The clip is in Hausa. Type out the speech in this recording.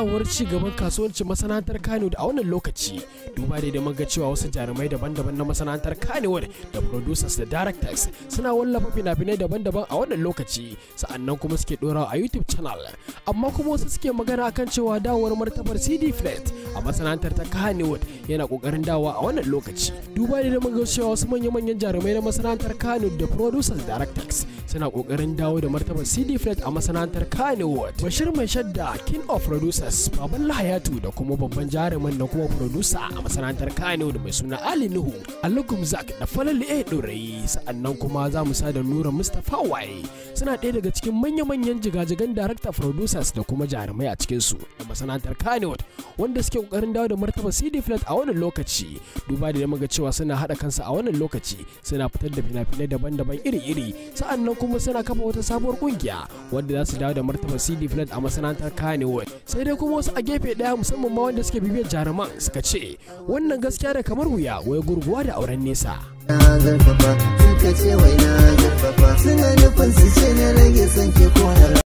ganawar ci gaban kasuwancin masana'antar Kano a wannan lokaci duba da da maga cewa wasu jarumai daban-daban na masana'antar Kanewar da producers da directors suna wallafa fina-finai daban-daban a wannan lokaci sa'annan kuma suke dorawa a YouTube channel amma kuma wasu suke magana akan cewa dawowar martabar CD Flat a masana'antar ta Kanewar yana kokarin dawowa a wannan lokaci duba da maga cewa wasu manya-manyan jarumai na masana'antar Kano da producers directors suna kokarin dawo da martabar CD Flat a masana'antar Kanewar Bashir Mai Shadda King of Producers Abbas Babban Lahayatu da kuma babban jaruman da kuma furodusa a masana'antar Kano da mai suna Ali Nuhu Alugum Zak da Falali A Dorayi sa'annan kuma za mu sada Nura Mustapha Waye suna ɗaya daga cikin manya-manyan jigajigan director producers da kuma jarumai a cikin su a masana'antar Kano wanda suke kokarin dawo da martaba CD Flat a wannan lokaci duba da muga cewa suna hada kansu a wannan lokaci suna fitar da fina-finai daban-daban iri-iri sa'annan kuma suna kafa wata sabuwar kungiya wanda za su dawo da martaba CD Flat a masana'antar Kano sai dai kuma wasu a gefe ɗaya musamman ma wanda suke bibiyar jaruman suka ce wannan gaskiya da kamar wuya wai gurguwa da auren nesa suna nufin su ce na rage son ke